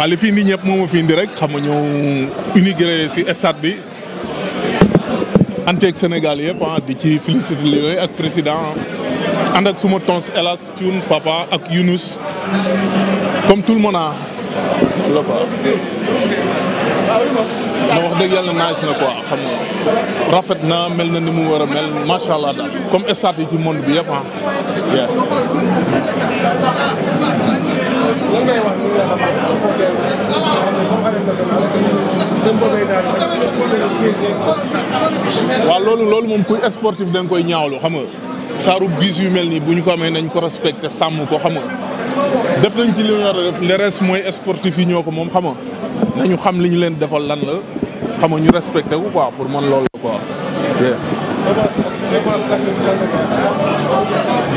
waaw li fi indi ñëpp moo ma fi indi rek xam nga ñëw unigré si stade bi anteeg Sénégal yëpp ah, di ci félicité yooyu ak président ah. ànd ak suma tons Elas Thioune papa ak yunus comme tout le monde ah. la quoi na wax dëgg yàlla naaj na quoi xam nga rafet na mel na ni mu war a mel macha allah daal comme stade yi ci monde bi yëpp ah. waaw loolu loolu moom kuy sportif da nga koy ñaawlu xam nga saaru bis yu mel nii bu ñu ko amee nañ ko respecté sàmm ko xam nga def nañ ci li ñu def le reste mooy sportif yi ñoo ko moom xam nga nañu xam li ñu leen defal lan la xam nga ñu respecté ko quoi pour man loolu la quoi.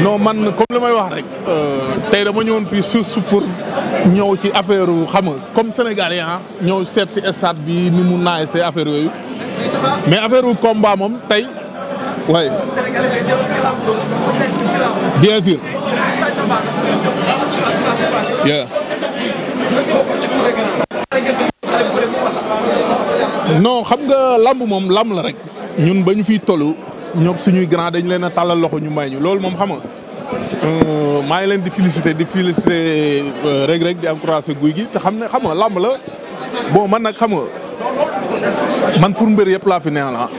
non man comme li may wax rek euh, tey dama ñëwoon fii suuf pour ñëw ci affaire xam nga comme sénégal ah ñëw seet si stade bi ni mu naay see affaire yooyu mais affaire wu combat moom tey waaye bien sûr yeah. xam nga lamb moom lamb la rek ñun ba ñu tollu ñoog suñuy grand dañ leen a tàllal loxo ñu may ñu loolu moom xam nga euh, maa ngi leen di félicité di félicité euh, Reug Reug di encouragé guy gi te xam ne xam nga la bo man nag xam nga man pour mbër yëpp laa fi neex la ah.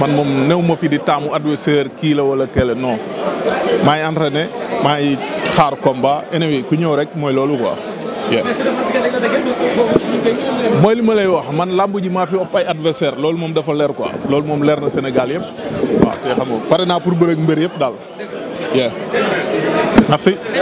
man moom néew ma fi di taamu adversaire kii la wala kële non may ngi ne maa ngi xaar combat ennemi ku ñëw rek mooy loolu quoi. mooy li ma lay wax man làmb ji maa fi ëpp ay adversaire loolu moom dafa leer quoi loolu moom leer na Sénégal yëpp waaw te xam nga pare naa pour bëre ak mbër yëpp daal. merci.